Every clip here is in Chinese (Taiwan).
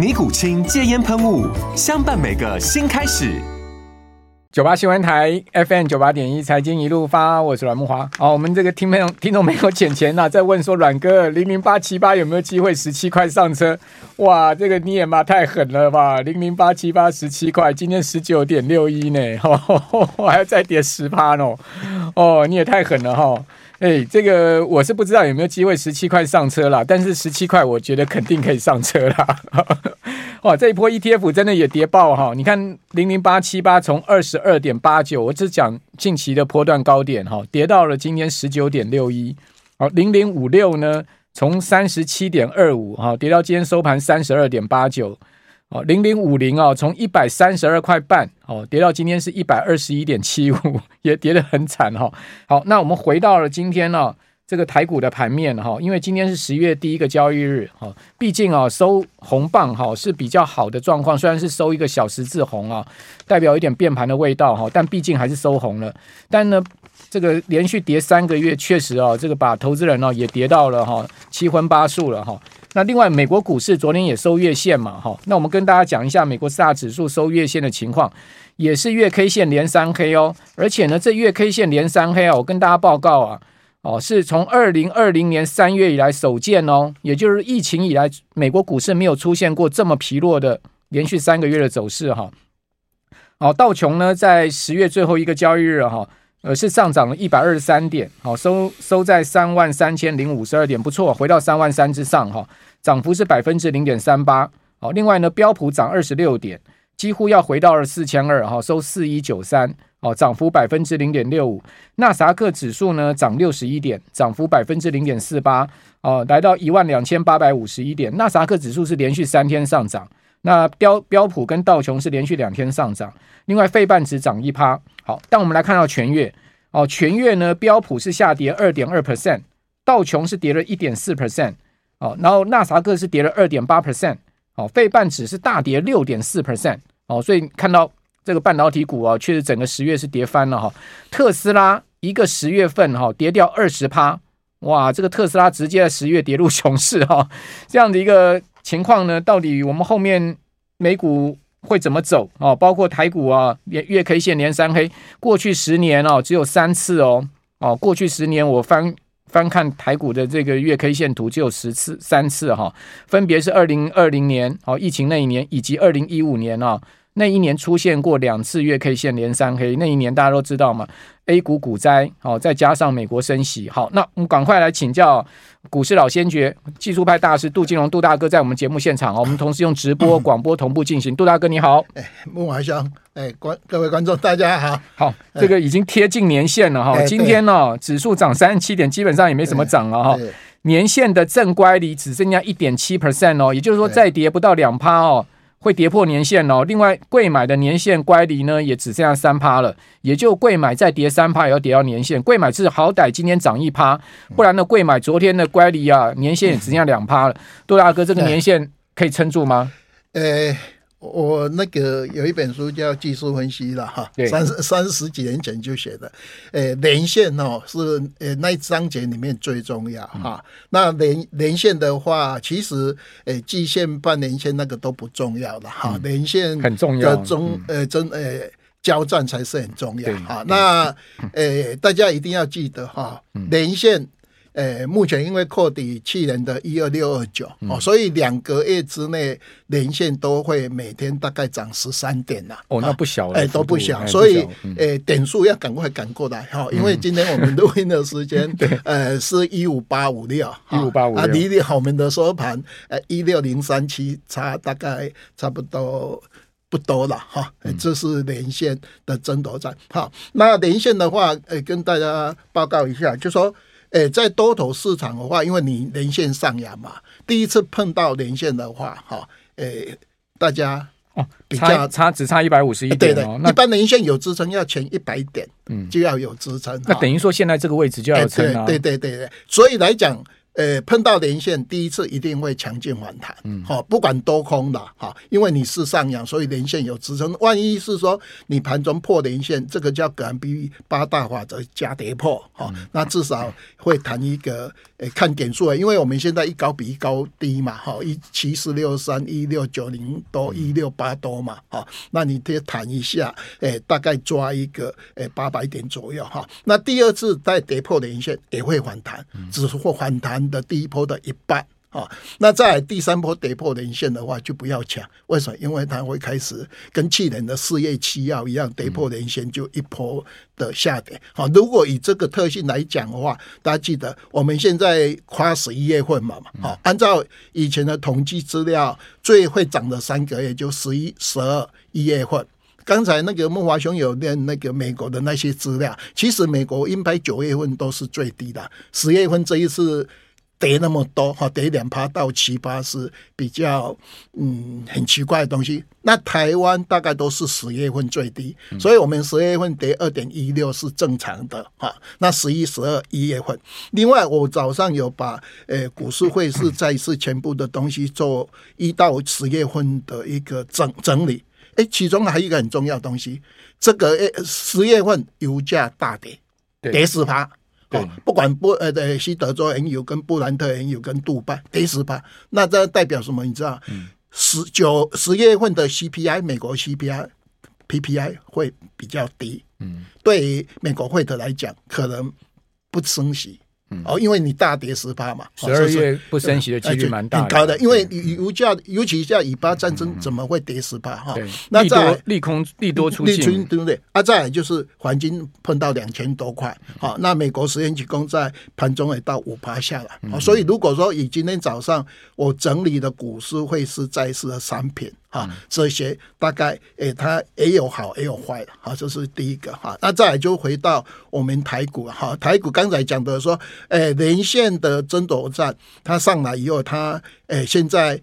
尼古清戒煙噴霧，相伴每個新開始。九八新聞台 FM 九八點一，1, 財經一路發，我是阮慕驊。好、哦，我們這個聽眾聽眾朋友淺淺吶在問說，阮哥零零八七八有沒有機會十七塊上車？哇，這個你也嘛太狠了吧！零零八七八十七塊，今天十九點六一呢，我還要再跌十趴呢。哦，你也太狠了哈、哦！哎，這個我是不知道有沒有機會十七塊上車了，但是十七塊我覺得肯定可以上車了。哇，這一波 ETF 真的也跌爆哈、哦！你看，零零八七八從二十二點八九，我只講近期的波段高點哈、哦，跌到了今天十九點六一。好，零零五六呢，從三十七點二五哈，跌到今天收盤三十二點八九。好、哦，零零五零啊，從一百三十二塊半哦，跌到今天是一百二十一點七五，也跌得很慘哈、哦。好，那我們回到了今天呢、哦。這個台股的盤面哈，因為今天是十一月第一個交易日哈，畢竟啊收紅棒哈是比較好的狀況，雖然是收一個小十字紅啊，代表一點變盤的味道哈，但畢竟還是收紅了。但呢，這個連續跌三個月，確實啊，這個把投資人呢也跌到了哈七葷八素了哈。那另外，美國股市昨天也收月線嘛哈，那我們跟大家講一下美國四大指數收月線的情況，也是月 K 線連三黑哦，而且呢這月 K 線連三黑啊，我跟大家報告啊。哦，是從二零二零年三月以來首見哦，也就是疫情以來，美國股市沒有出現過這麼疲弱的連續三個月的走勢哈。哦，道瓊呢在十月最後一個交易日哈，呃、哦、是上漲了一百二十三點，好、哦、收收在三萬三千零五十二點，不錯，回到三萬三之上哈、哦，漲幅是百分之零點三八。哦，另外呢標普漲二十六點。幾乎要回到了四千二哈，收四一九三，哦，漲幅百分之零點六五。納薩克指數呢漲六十一點，漲幅百分之零點四八，哦，來到一萬兩千八百五十一點。納薩克指數是連續三天上漲，那標標普跟道瓊是連續兩天上漲。另外，費半指漲一趴。好，但我們來看到全月哦，全月呢，標普是下跌二點二 percent，道瓊是跌了一點四 percent，哦，然後納薩克是跌了二點八 percent，哦，費半指是大跌六點四 percent。哦，所以看到這個半導體股啊，確實整個十月是跌翻了哈。特斯拉一個十月份哈、啊、跌掉二十趴，哇，這個特斯拉直接在十月跌入熊市哈、啊。這樣的一個情況呢，到底我們後面美股會怎麼走哦、啊？包括台股啊，連月 K 線連三黑，過去十年哦、啊、只有三次哦。哦、啊，過去十年我翻翻看台股的這個月 K 線圖，只有十次三次哈、啊，分別是二零二零年哦、啊、疫情那一年，以及二零一五年哦、啊。那一年出現過兩次月 K 線連三黑，那一年大家都知道嘛，A 股股災、哦，再加上美國升息。好，那我們趕快來請教股市老先覺技術派大師杜金龍杜大哥，在我們節目現場哦，我們同時用直播廣播同步進行。 杜大哥你好，哎，慕驊兄，哎，觀各位觀眾大家好，好，哎、這個已經貼近年線了哈，哦哎、今天呢、哦、指數漲三十七點，基本上也沒什麼漲了哈，哎、年線的正乖離只剩下一點七 percent 哦，也就是說再跌不到兩趴哦。對哦會跌破年線哦。另外，櫃買的年線乖離呢，也只剩下三趴了，也就櫃買再跌三趴，也要跌到年線。櫃買是好歹今天漲一趴，不然呢，櫃買昨天的乖離啊，年線也只剩下兩趴了。杜大 哥，這個年線可以撐住嗎？誒、欸。我那個有一本書叫《技術分析》了哈，三十三十幾年前就寫的。誒，連線哦，是誒、欸、那一章節裡面最重要哈。那連連線的話，其實誒、欸，季線、半年線那個都不重要的哈。連線很重要，中誒、欸，真誒、欸，交戰才是很重要哈。那誒、欸，大家一定要記得哈，連線。誒，目前因為破底去年的一二六二九哦，所以兩個月之內連線都會每天大概漲十三點吶。哦，啊、哦，那不小了，哎，都不小。誒所以、嗯、誒，點數要趕快趕過來哈、哦，因為今天我們錄音的時間、嗯、 對呃，是一五八五六，一五八五六，離我們的收盤誒一六零三七差大概差不多不多了哈。哦嗯、這是連線的爭奪戰。好，那連線的話，誒、呃，跟大家報告一下，就說。誒在多頭市場的話，因為你年線上揚嘛，第一次碰到年線的話，哈、哦，大家比、啊、差差哦，較差只差一百五十一點哦，那一般年線有支撐要前一百點，嗯，就要有支撐，嗯啊、那等於說現在這個位置就要支撐、啊、對對對對，所以來講。呃、欸，碰到連線第一次一定會強勁反彈，好、嗯哦，不管多空的，哈，因為你是上揚，所以連線有支撐。萬一是說你盤中破連線，這個叫葛蘭 B 八大法則加跌破、哦，那至少會彈一個。誒、欸，看點數、欸、因為我們現在一高比一高低嘛，哈，一七四六三一六九零多一六八多嘛，哈，那你跌彈一下，誒、欸，大概抓一個誒八百點左右哈，那第二次再跌破頸線，也會反彈，嗯、只是會反彈的第一波的一半。哦、那在第三波跌破連線的話，就不要搶。為什麼？因為他會開始跟去年的四月七號一樣跌破、嗯、連線，就一波的下跌。好、哦，如果以這個特性來講的話，大家記得我們現在跨十一月份嘛嘛。好、哦，嗯、按照以前的統計資料，最會漲的三個月就十一、十二、一月份。剛才那個慕驊兄有念那個美國的那些資料，其實美國應該九月份都是最低的，十月份這一次。跌那麼多哈，跌兩趴到七趴是比較嗯很奇怪的東西。那台灣大概都是十月份最低，所以我們十月份跌二點一六是正常的哈。那十一、十二、一月份，另外我早上有把誒、欸、股市匯市債市全部的東西做一到十月份的一個整整理。哎、欸，其中還有一個很重要東西，這個誒十、欸、月份油價大跌跌十趴。對哦、不管不，呃對西德州原油跟布蘭特原油跟杜拜 A 十八，那這代表什麼？你知道？嗯、十九十月份的 CPI 美國 CPI CP PPI 會比較低，嗯，對於美國會的來講，可能不升息。哦，因為你大跌十趴嘛，十二月不升息的幾率蠻大高的，因為油價，尤其在以巴戰爭，怎麼會跌十趴？哈、嗯嗯，那在利，利空，利多出現，對不對？啊，再來就是黃金碰到兩千多塊，好、嗯嗯啊，那美國十年期公在盤中也到五趴下了，嗯嗯，所以如果說以今天早上我整理的股市、匯市、債市和商品。啊，這些大概誒、哎，它也有好也有壞，哈，這是第一個哈。那再來就回到我們台股，哈，台股剛才講的說，誒、哎，連線的爭奪戰，它上來以後，它誒、哎，現在誒、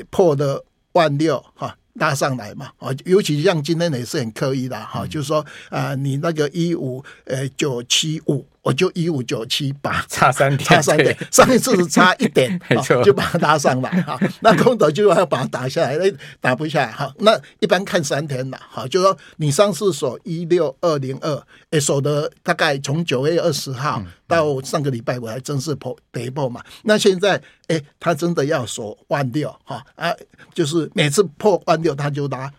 哎、破了萬六，哈，拉上來嘛，啊，尤其像今天也是很刻意的，哈，就是說啊、呃，你那個一五誒九七五。我就一五九七八，差三天，差三天，對上一次是差一點 錯、哦，就把它拉上來哈。 那空頭就要把它打下來，哎、欸，打不下來哈。那一般看三天的哈，就說你上次守一六二零二，哎，守得大概從九月二十號到上個禮拜，我還真是破跌破、嗯、嘛。那現在誒、欸，它真的要守萬六哈啊，就是每次破萬六，它就拉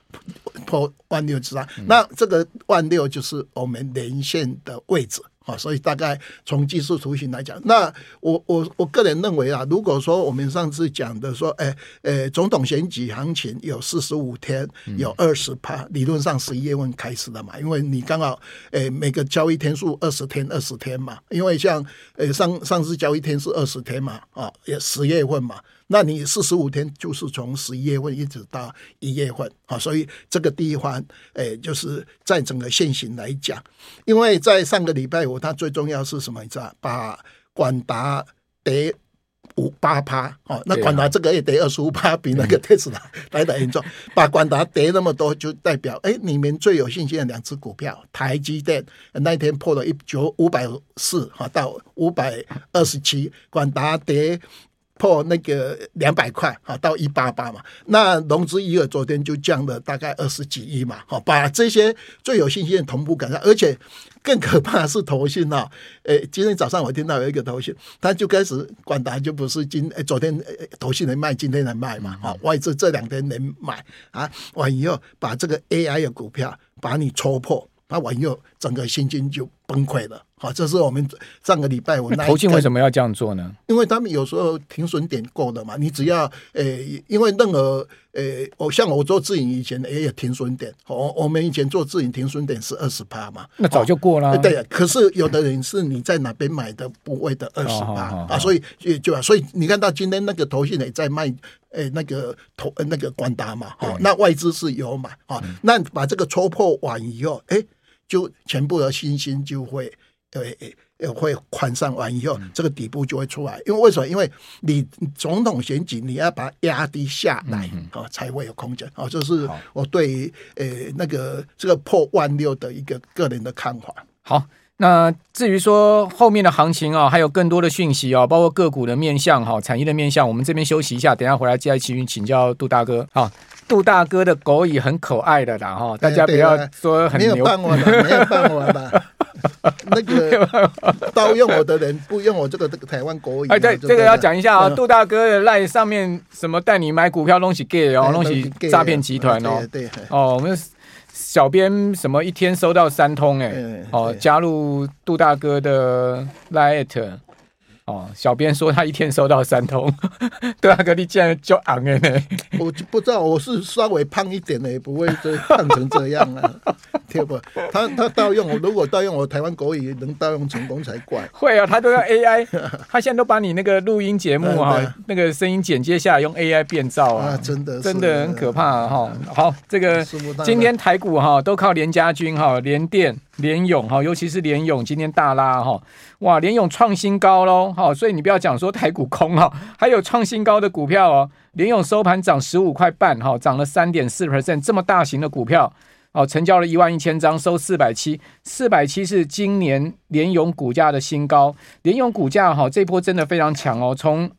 破萬六之上。嗯、那這個萬六就是我們連線的位置。啊，所以大概從技術圖形來講，那我我我個人認為啊，如果說我們上次講的說，哎、欸、哎、欸，總統選舉行情有四十五天，有二十趴，嗯、理論上十一月份開始的嘛，因為你剛好哎、欸、每個交易天數二十天二十天嘛，因為像哎、欸、上上次交易天數二十天嘛，啊也十月份嘛。那你四十五天就是從十一月份一直到一月份啊，所以這個地方，哎，就是在整個線型來講，因為在上個禮拜五，它最重要是什麼？你知道把，把廣達跌五八趴哦，那廣達這個也跌二十五趴，比那個特斯拉來得嚴重。把廣達跌那麼多，就代表哎，你們最有信心的兩隻股票，台積電那天破了一九五百四哈，到五百二十七，廣達跌。破那個兩百塊啊，到一八八嘛，那融資餘額昨天就降了大概二十幾億嘛，好把這些最有信心的同步趕上，而且更可怕的是投信啊，誒、欸，今天早上我聽到有一個投信，他就開始管他，就不是今誒、欸、昨天誒、欸、投信能賣，今天能賣嘛，啊、喔，外資這兩天能買啊，完以後把這個 AI 的股票把你戳破，那完以後整個信心就崩潰了。好，這是我們上個禮拜我那投信為什麼要這樣做呢？因為他們有時候停損點過了嘛，你只要因為任何我像我做自營以前也有停損點、哦，我我們以前做自營停損點是二十趴嘛，那早就過了。對，可是有的人是你在哪邊買的部位的二十趴啊，所以也就、啊、所以你看到今天那個投信也在賣誒，那個頭那個廣達嘛、哦，那外資是有買、哦、那把這個戳破完以後，就全部的信心就會。對，誒，會寬上完以後，這個底部就會出來。因為為什麼？因為你總統選舉，你要把它壓低下來，哦、嗯哼，才會有空間。哦，就是我對於、呃、那個這個破萬六的一個個人的看法。好，那至於說後面的行情啊、哦，還有更多的訊息啊、哦，包括個股的面向哈、哦，產業的面向，我們這邊休息一下，等一下回來再請請教杜大哥啊、哦。杜大哥的狗也很可愛的啦，然、哦、後大家不要說很牛。沒、哎、有辦法的，沒有辦法的。 那個盜用我的人不用我這個台灣國語。哎，對，這個要講一下啊，嗯、杜大哥的賴上面什麼帶你買股票都是假的哦，都是詐騙集團哦。嗯嗯、哦，我們小編什麼一天收到三通哎、欸。嗯、哦，加入杜大哥的 LINE@。哦，小編說他一天收到三通， 對啊，哥你竟然叫矮呢？我就不知道，我是稍微胖一點的，也不會就胖成這樣啊， 對吧，他他盜用我，如果盜用我台灣國語能盜用成功才怪。會啊、哦，他都要 AI， 他現在都把你那個錄音節目哈、 哦，那個聲音剪接下來，用 AI 變造啊，啊，真的、啊、真的很可怕哈、啊啊哦。好，這個不今天台股哈、哦、都靠連家軍哈、哦、連電。聯詠哈，尤其是聯詠今天大拉哈，哇，聯詠創新高嘍，好，所以你不要講說台股空哈，還有創新高的股票哦。聯詠收盤漲十五塊半哈，漲了三點四 percent，這麼大型的股票哦，成交了一萬一千張，收四百七，四百七是今年聯詠股價的新高。聯詠股價哈，這波真的非常強哦，從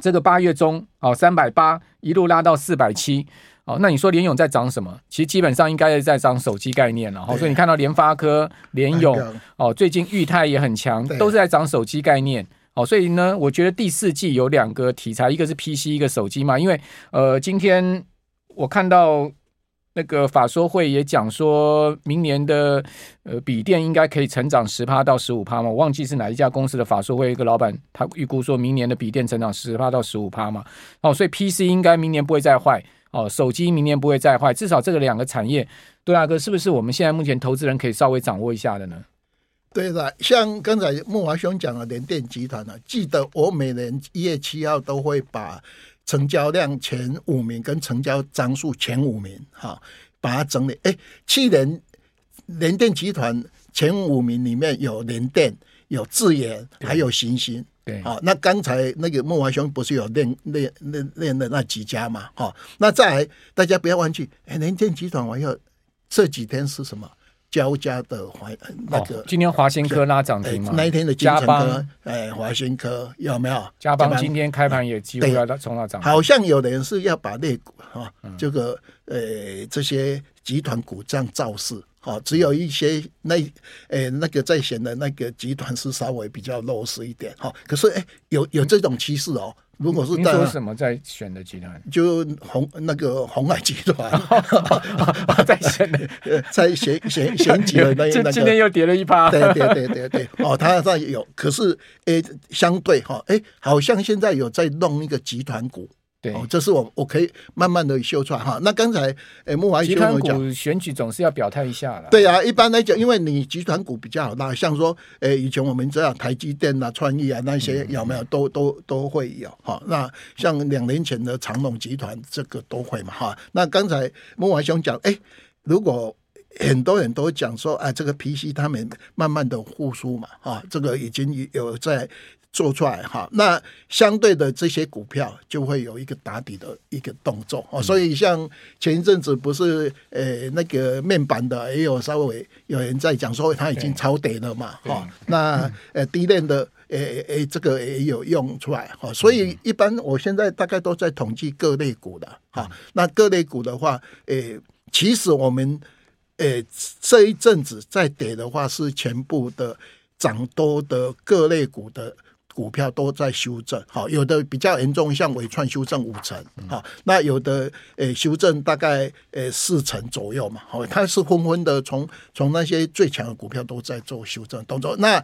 這個八月中好三百八一路拉到四百七。哦，那你說聯詠在漲什麼？其實基本上應該是在漲手機概念了。好對、哦，所以你看到聯發科、聯詠 'm 哦，最近裕泰也很強，對都是在漲手機概念。哦，所以呢，我覺得第四季有兩個題材，一個是 PC，一個手機嘛。因為呃，今天我看到那個法說會也講說，明年的呃筆電應該可以成長十趴到十五趴嘛。我忘記是哪一家公司的法說會一個老板，他預估說明年的筆電成長十趴到十五趴嘛。哦，所以 PC 應該明年不會再壞。哦，手機明年不會再壞，至少這個兩個產業，杜大哥是不是我們現在目前投資人可以稍微掌握一下的呢？對的，像剛才慕驊兄講的聯電集團呢、啊，記得我每年一月七號都會把成交量前五名跟成交張數前五名哈，把它整理。哎，去年聯,聯電集團前五名裡面有聯電、有智原，還有欣興。對對，好、哦，那剛才那個慕驊兄不是有練練練練那那幾家嘛？好、哦、那再來，大家不要忘記，哎、欸，能源集團還有這幾天是什麼交加的華那個？哦、今天華新科拉漲停嘛、欸？那一天的佳邦，哎幫，華新、欸、科有沒有？佳邦今天開盤有機會要從那漲？好像有的人是要把那股哈，哦嗯、這個呃、欸、這些集團股這樣造勢。.哦，只有一些那誒、欸、那個在選的那個集團是稍微比較弱勢一點哈、哦，可是誒、欸、有有這種趨勢哦。如果是說什麼在選的集團，就紅那個鴻海集團，在選的在選選選幾、那個那那今，今天又跌了一趴、啊。對對對對對，對對對對對哦，它在有，可是誒、欸、相對哈，誒、哦欸、好像現在有在弄一個集團股。對、哦，這是我我可以慢慢的秀出來哈。那剛才誒，慕驊兄有講選舉總是要表態一下了。對啊，一般來講，因為你集團股比較好大，像說誒、欸，以前我們知道台積電啊、創意啊那些有沒有都都都會有哈。那像兩年前的長榮集團這個都會嘛哈。那剛才慕驊兄講，哎、欸，如果很多人都講說啊、欸，這個 PC 他們慢慢的復甦嘛哈，這個已經有在。做出來哈，那相對的這些股票就會有一個打底的一個動作、喔，所以像前一陣子不是、欸、那個面板的也有稍微有人在講說它已經超跌了嘛哈，那呃低鏈的誒誒、欸欸、這個也有用出來哈、喔，所以一般我現在大概都在統計各類股的哈、喔，那各類股的話誒、欸、其實我們誒、欸、這一陣子在跌的話是全部的漲多的各類股的。股票都在修正，好，有的比較嚴重，像緯創修正五成，好，那有的誒、欸、修正大概誒、欸、四成左右嘛，好，他是紛紛的從從那些最強的股票都在做修正動作，那誒、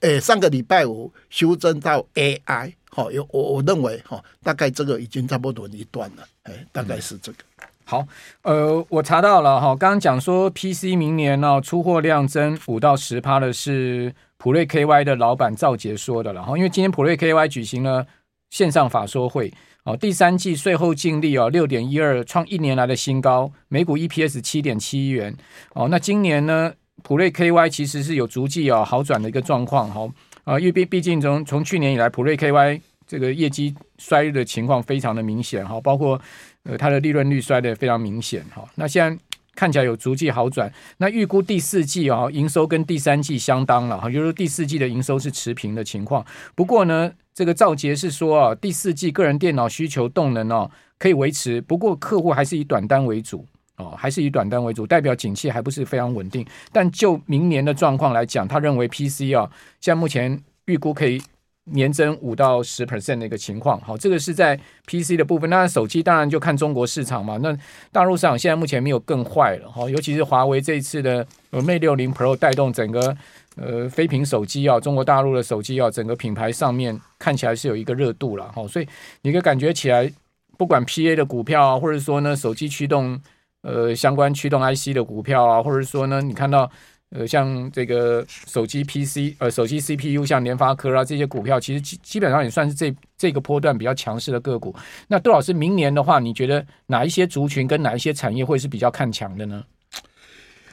欸、上個禮拜五修正到 AI，好，有我我認為哈，大概這個已經差不多一段了、欸，大概是這個。嗯好，呃，我查到了哈，剛剛講說 PC 明年呢出貨量增五到十趴的是普瑞 KY 的老闆趙杰說的了，然後因為今天普瑞 KY 舉行了線上法說會，哦，第三季稅後淨利哦六點一二創一年來的新高，每股 EPS 七點七億元，哦，那今年呢普瑞 KY 其實是有逐季哦好轉的一個狀況哈，啊，因為畢畢竟從從去年以來普瑞 KY 這個業績衰日的情況非常的明顯哈，包括。呃，它的利潤率衰得非常明顯哈，那現在看起來有逐季好轉。那預估第四季啊，營收跟第三季相當了哈，就是第四季的營收是持平的情況。不過呢，這個趙杰是說啊，第四季個人電腦需求動能哦可以維持，不過客戶還是以短單為主哦，還是以短單為主，代表景氣還不是非常穩定。但就明年的狀況來講，他認為 PC 啊，現在目前預估可以。年增五到十 percent 的一個情況，好，這個是在 PC 的部分。那手機當然就看中國市場嘛。那大陸市場現在目前沒有更壞了，好，尤其是華為這一次的呃 Mate 六零 Pro 帶動整個呃非蘋手機啊，中國大陸的手機啊，整個品牌上面看起來是有一個熱度了，哈。所以你可以感覺起來，不管 PA 的股票啊，或者說呢手機驅動呃相關驅動 IC 的股票啊，或者說呢你看到。呃，像這個手機 PC，呃，手機 CPU，像聯發科啊這些股票，其實基基本上也算是這這個波段比較強勢的個股。那杜老師，明年的話，你覺得哪一些族群跟哪一些產業會是比較看強的呢？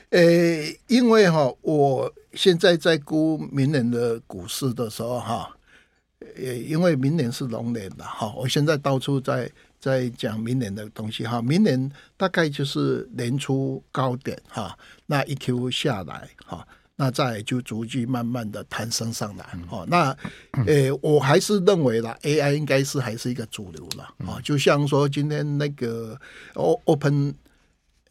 呃、因為哈、哦，我現在在估明年的股市的時候哈、哦，呃，因為明年是龍年了哈、哦，我現在到處在。再講明年的東西哈，明年大概就是年初高點哈，那一 Q 下來哈，那再就逐漸慢慢的攀升上來哈。那，誒、欸，我還是認為啦，AI 應該是還是一個主流了啊。就像說今天那個 Open 誒、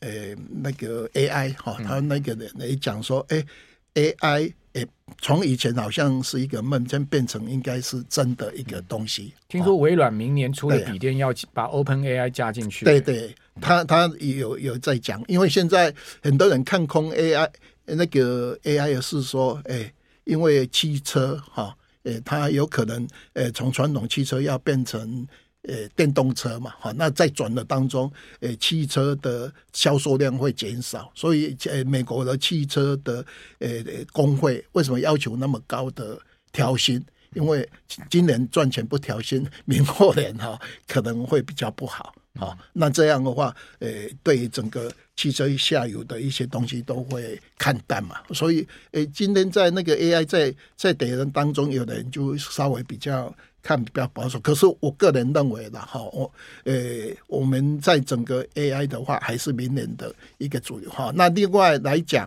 欸、那個 AI 哈，他那個人，來講說，誒、欸、AI。誒，從、欸、以前好像是一個夢，現在變成應該是真的一個東西。嗯、聽說微軟明年出的筆電要把 Open AI 加進去、欸。嗯進去欸、對，對對，他他有有在講，因為現在很多人看空 AI，那個 AI 也是說，誒、欸，因為汽車哈，誒、欸，它有可能誒，從、欸、傳統汽車要變成。呃、欸，電動車嘛，哈，那在轉的當中，欸、汽車的銷售量會減少，所以、欸、美國的汽車的呃、欸、工會為什麼要求那麼高的調薪？因為今年賺錢不調薪，明後年哈可能會比較不好，哈，那這樣的話，呃、欸，對於整個汽車下游的一些東西都會看淡嘛。所以，欸、今天在那個 AI 在在的人當中，有人就稍微比較。看比較保守，可是我個人認為啦，了哈，我、欸、呃，我們在整個 AI 的話，還是明年的一個主流哈。那另外來講，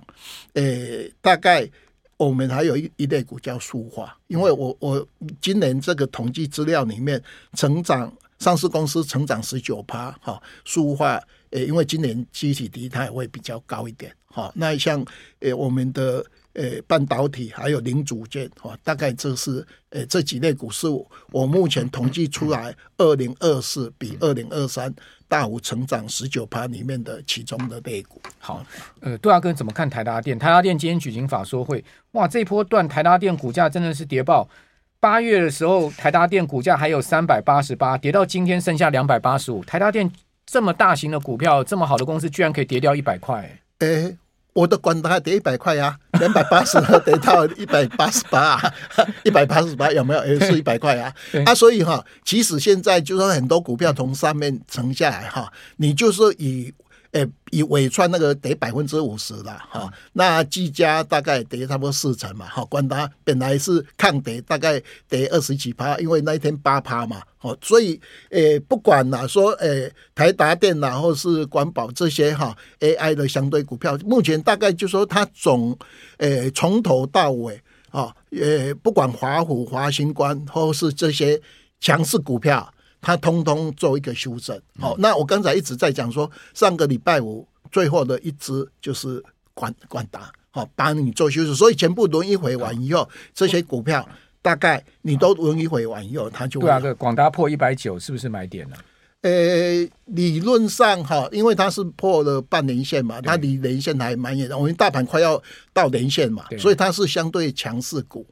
呃、欸，大概我們還有一一類股叫塑化，因為我我今年這個統計資料裡面，成長上市公司成長十九趴哈。塑化，呃、欸，因為今年集體低，它也會比較高一點哈。那像呃、欸，我們的。誒、欸，半導體還有零組件，啊、大概這是誒、欸、這幾類股是，我目前統計出來，二零二四比二零二三大幅成長十九趴裡面的其中的類股。嗯、好，呃，杜大、啊、哥怎麼看台達電？台達電今天舉行法說會，哇，這波段台達電股價真的是跌爆。八月的時候，台達電股價還有三百八十八，跌到今天剩下兩百八十五。台達電這麼大型的股票，這麼好的公司，居然可以跌掉一百塊、欸。誒、欸。我的管他跌一百塊啊，兩百八十跌到一百八十八，一百八十八有沒有？也對 是一百塊啊？對 啊，所以哈，即使現在就是說很多股票從上面沉下來哈，你就是以。哎、欸，以緯創那個跌百分之五十了哈、哦，那技嘉大概跌差不多四成嘛哈，冠、哦、他本來是抗跌，大概跌二十幾趴，因為那一天八趴嘛哈、哦，所以哎、欸、不管啦說哎、欸、台達電啦或是光寶，這些哈、哦、A I 的相對股票，目前大概就是說它總哎從、欸、頭到尾啊，呃、哦欸、不管華府、華新官或是這些強勢股票。他通通做一個修正，好、嗯哦，那我剛才一直在講說，上個禮拜五最後的一支就是廣廣達，好、哦，幫你做修正，所以全部輪一回完以後，啊、這些股票大概你都輪一回完以後，啊、它就對啊，對，廣達破一百九是不是買點呢？啊？呃、哎，理論上哈、哦，因為它是破了半年線嘛，對它離年線還蠻遠的，我們大盤快要到年線嘛，對所以它是相對強勢股。